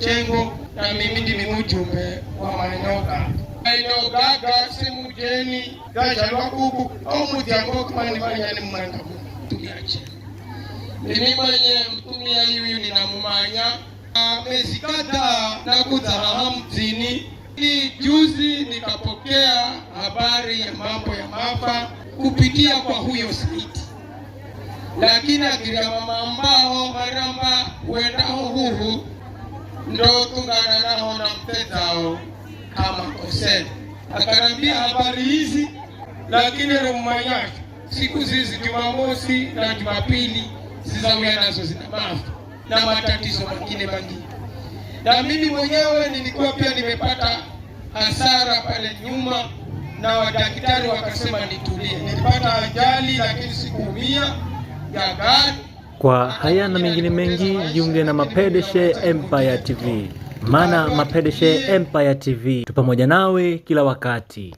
Chengo na mimi ndimi mjumbe wa mainoka mainokaga simujeni gachalwa kuku omutiango kamanimanyani mumanda tumiache mimi mwenye mtumia yuyu ninamumanya amesikata na kutaraha mtini ni juzi nikapokea habari ya mambo ya mafa kupitia kwa huyo saiti lakini akirama mambao haramba huendao huru ndo tungana nao na mtetao kama Hussein akanambia habari hizi, lakini rumanya siku hizi Jumamosi na Jumapili sizawia nazo zina mafu na matatizo mengine mengi, na mimi mwenyewe nilikuwa pia nimepata hasara pale nyuma, na wadaktari wakasema nitulie. Nilipata ajali lakini sikuumia ya gari kwa haya na mengine mengi, jiunge na Mapedeshe Empire TV, maana Mapedeshe Empire TV tu pamoja nawe kila wakati.